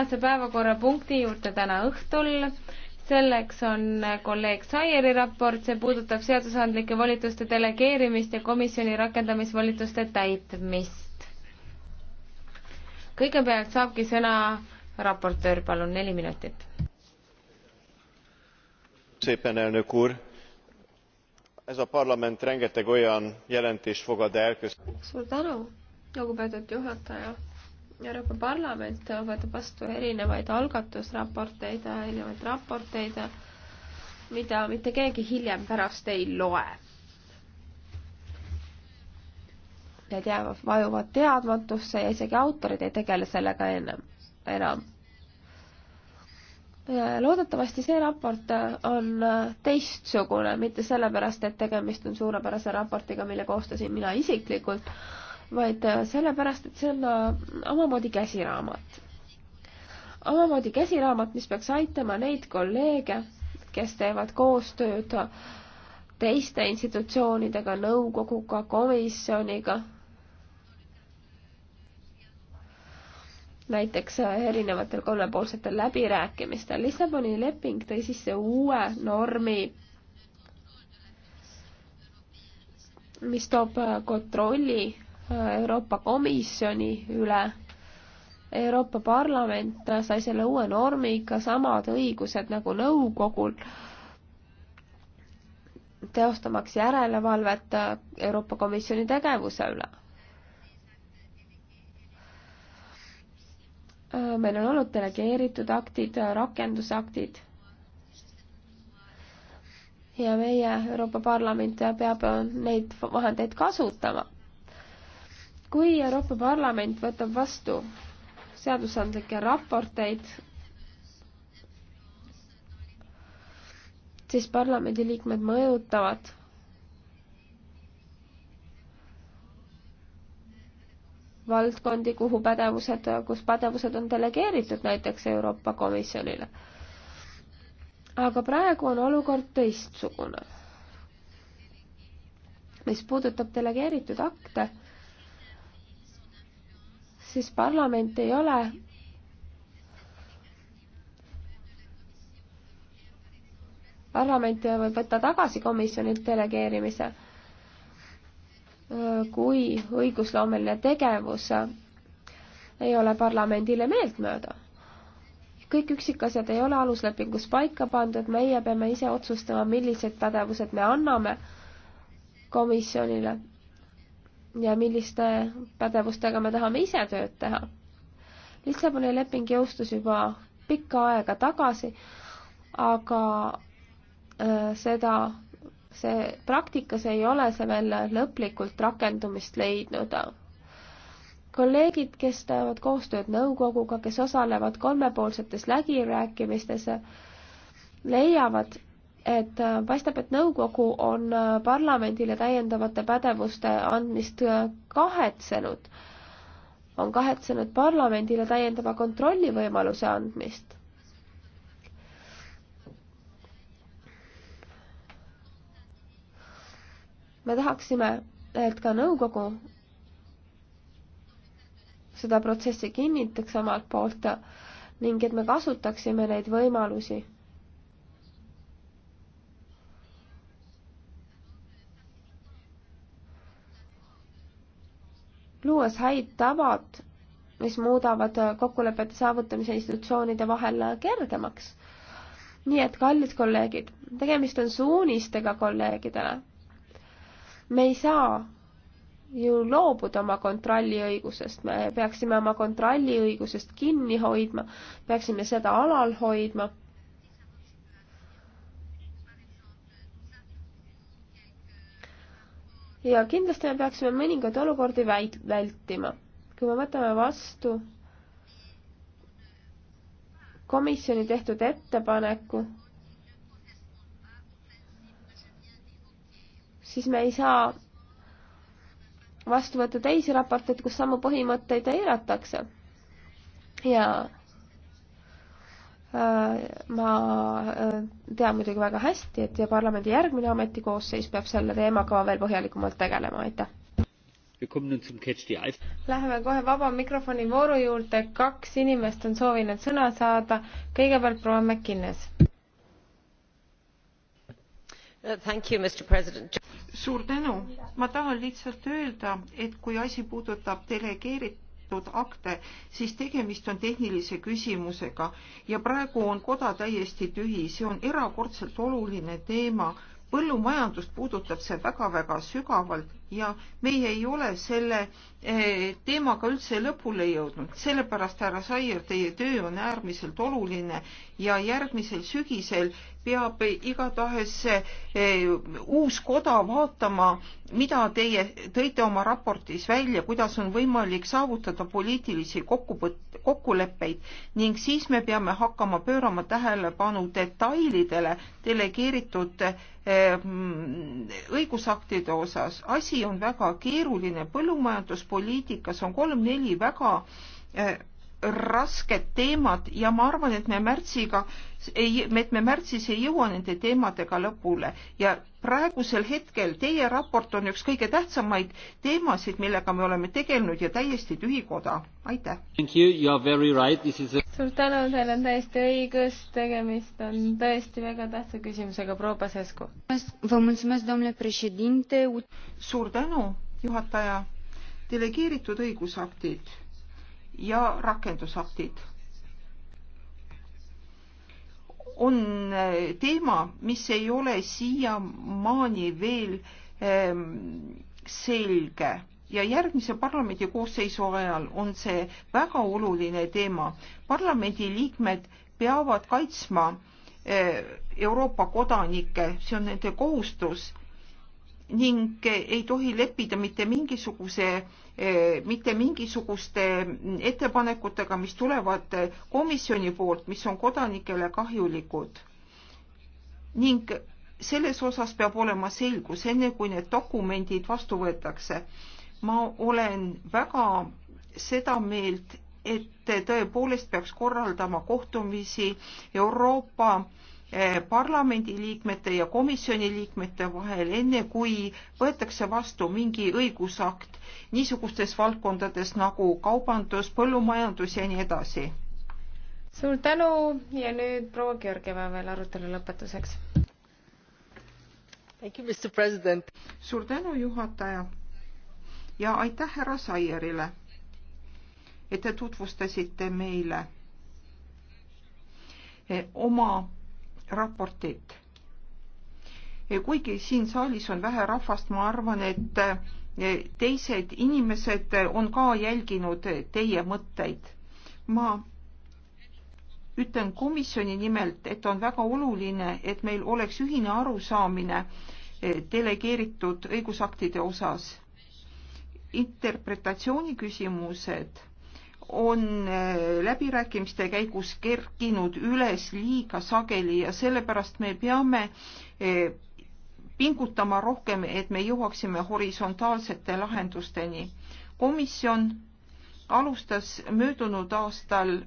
viimase päevakorrapunkti juurde täna õhtul. selleks on kolleeg Saieri raport, see puudutab seadusandlike volituste delegeerimist ja komisjoni rakendamisvolituste täitmist. kõigepealt saabki sõna raportöör, palun, neli minutit. szépen elnök úr, ez a parlament rengeteg olyan jelentést fogad el. suur tänu, lugupeetud juhataja Euroopa Parlament võtab vastu erinevaid algatusraporteid, erinevaid raporteid, mida mitte keegi hiljem pärast ei loe. Need jäävad, vajuvad teadmatusse ja isegi autorid ei tegele sellega ennem, enam. loodetavasti see raport on teistsugune, mitte sellepärast, et tegemist on suurepärase raportiga, mille koostasin mina isiklikult vaid äh, sellepärast, et see on äh, omamoodi käsiraamat. omamoodi käsiraamat, mis peaks aitama neid kolleege, kes teevad koostööd teiste institutsioonidega, nõukoguga, komisjoniga, näiteks äh, erinevatel kolmepoolsetel läbirääkimistel. Lissaboni leping tõi sisse uue normi, mis toob kontrolli Euroopa Komisjoni üle. Euroopa Parlament sai selle uue normiga samad õigused nagu nõukogul, teostamaks järelevalvet Euroopa Komisjoni tegevuse üle. meil on olnud delegeeritud aktid, rakendusaktid ja meie Euroopa Parlament peab neid vahendeid kasutama kui Euroopa Parlament võtab vastu seadusandlikke raporteid, siis parlamendiliikmed mõjutavad valdkondi, kuhu pädevused, kus pädevused on delegeeritud näiteks Euroopa Komisjonile. aga praegu on olukord teistsugune. mis puudutab delegeeritud akte, siis parlament ei ole parlament võib võtta tagasi komisjonilt delegeerimise, kui õigusloomeline tegevus ei ole parlamendile meeltmööda. kõik üksikasjad ei ole aluslepingus paika pandud, meie peame ise otsustama, millised pädevused me anname komisjonile ja milliste pädevustega me tahame ise tööd teha. Lissaboni leping jõustus juba pikka aega tagasi, aga äh, seda, see praktikas ei ole see veel lõplikult rakendumist leidnud. kolleegid, kes teevad koostööd nõukoguga, kes osalevad kolmepoolsetes läbirääkimistes, leiavad, et äh, paistab, et nõukogu on äh, parlamendile täiendavate pädevuste andmist äh, kahetsenud, on kahetsenud parlamendile täiendava kontrollivõimaluse andmist me tahaksime, et ka nõukogu seda protsessi kinnitaks omalt poolt ning et me kasutaksime neid võimalusi luues häid tavad, mis muudavad kokkulepete saavutamise institutsioonide vahel kergemaks. nii et, kallid kolleegid, tegemist on suunistega kolleegidele. me ei saa ju loobuda oma kontrolliõigusest, me peaksime oma kontrolliõigusest kinni hoidma, peaksime seda alal hoidma ja kindlasti me peaksime mõningaid olukordi väit-, vältima. kui me võtame vastu komisjoni tehtud ettepaneku, siis me ei saa vastu võtta teisi raporteid, kus samu põhimõtteid eiratakse. ja Äh, ma äh, tean muidugi väga hästi, et parlamendi järgmine ametikoosseis peab selle teemaga veel põhjalikumalt tegelema, aitäh. Läheme kohe vaba mikrofoni vooru juurde, kaks inimest on soovinud sõna saada, kõigepealt proua McInnes. Uh, suur tänu, ma tahan lihtsalt öelda, et kui asi puudutab delegeeritud delegeeritud akte, siis tegemist on tehnilise küsimusega ja praegu on koda täiesti tühi, see on erakordselt oluline teema. põllumajandust puudutab see väga-väga sügavalt ja meie ei ole selle eh, teemaga üldse lõpule jõudnud, sellepärast härra Saier, teie töö on äärmiselt oluline ja järgmisel sügisel peab igatahes eh, uus koda vaatama, mida teie tõite oma raportis välja, kuidas on võimalik saavutada poliitilisi kokkuleppeid ning siis me peame hakkama pöörama tähelepanu detailidele delegeeritud eh, mm, õigusaktide osas. asi asi on väga keeruline, põllumajanduspoliitikas on kolm-neli väga eh, rasked teemad ja ma arvan, et me märtsiga, et me märtsis ei jõua nende teemadega lõpule ja praegusel hetkel teie raport on üks kõige tähtsamaid teemasid, millega me oleme tegelenud ja täiesti tühi koda. aitäh! Right. A... suur tänu, teil on täiesti õigus, tegemist on tõesti väga tähtsa küsimusega, proua Pasescu. suur tänu, juhataja! delegeeritud õigusaktid ja rakendusaktid on eh, teema, mis ei ole siiamaani veel ehm, selge ja järgmise parlamendi koosseisu ajal on see väga oluline teema. parlamendi liikmed peavad kaitsma eh, Euroopa kodanikke, see on nende kohustus ning ei tohi leppida mitte mingisuguse mitte mingisuguste ettepanekutega, mis tulevad komisjoni poolt, mis on kodanikele kahjulikud. ning selles osas peab olema selgus, enne kui need dokumendid vastu võetakse. ma olen väga seda meelt, et tõepoolest peaks korraldama kohtumisi Euroopa Eh, parlamendiliikmete ja komisjoni liikmete vahel, enne kui võetakse vastu mingi õigusakt niisugustes valdkondades nagu kaubandus, põllumajandus ja nii edasi. suur tänu ja nüüd proua Georgieva veel arutelu lõpetuseks. suur tänu, juhataja ja aitäh härra Saierile, et te tutvustasite meile eh, oma raportit. kuigi siin saalis on vähe rahvast, ma arvan, et e, teised inimesed on ka jälginud teie mõtteid. ma ütlen komisjoni nimelt, et on väga oluline, et meil oleks ühine arusaamine e, delegeeritud õigusaktide osas. interpretatsiooni küsimused on äh, läbirääkimiste käigus kerkinud üles liiga sageli ja sellepärast me peame äh, pingutama rohkem, et me jõuaksime horisontaalsete lahendusteni. komisjon alustas möödunud aastal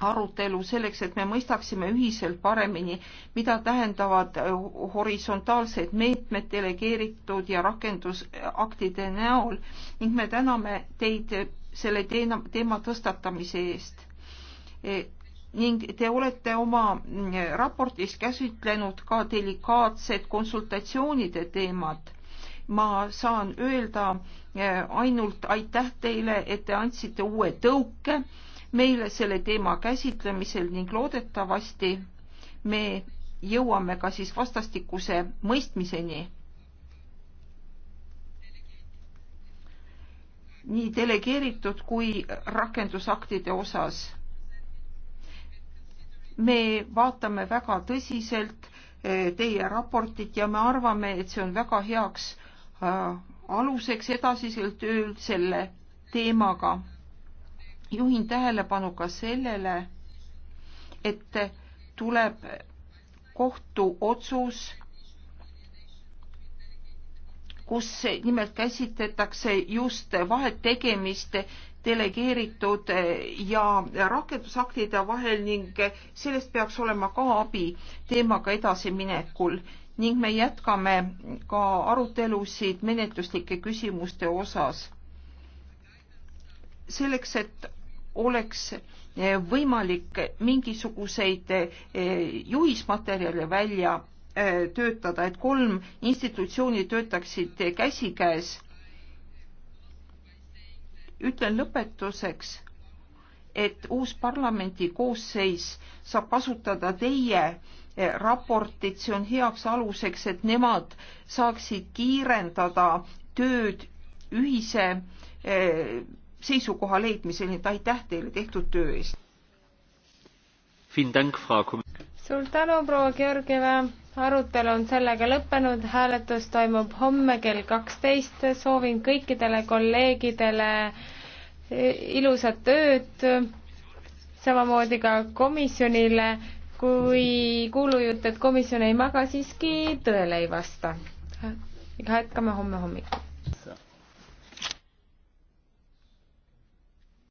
arutelu selleks, et me mõistaksime ühiselt paremini, mida tähendavad äh, horisontaalsed meetmed delegeeritud ja rakendusaktide näol ning me täname teid selle teema, teema tõstatamise eest e. ning te olete oma mm, raportis käsitlenud ka delikaatsed konsultatsioonide teemad ma saan öelda äh, ainult aitäh teile, et te andsite uue tõuke meile selle teema käsitlemisel ning loodetavasti me jõuame ka siis vastastikuse mõistmiseni. nii delegeeritud kui rakendusaktide osas. me vaatame väga tõsiselt eh, teie raportit ja me arvame, et see on väga heaks äh, aluseks edasisel tööl selle teemaga juhin tähelepanu ka sellele, et tuleb kohtuotsus, kus nimelt käsitletakse just vahet tegemist delegeeritud ja rakendusaktide vahel ning sellest peaks olema ka abi teemaga edasiminekul ning me jätkame ka arutelusid menetluslike küsimuste osas. selleks, et oleks eh, võimalik mingisuguseid eh, juhismaterjale välja eh, töötada, et kolm institutsiooni töötaksid käsikäes. ütlen lõpetuseks, et uus parlamendi koosseis saab kasutada teie raportit, see on heaks aluseks, et nemad saaksid kiirendada tööd ühise seisukoha leidmisel, nii et aitäh teile tehtud töö eest. suur tänu, proua Georgieva. arutelu on sellega lõppenud, hääletus toimub homme kell kaksteist. soovin kõikidele kolleegidele e, ilusat ööd, samamoodi ka komisjonile. kui kuulujutt, et komisjon ei maga, siiski tõele ei vasta. jätkame homme hommikul.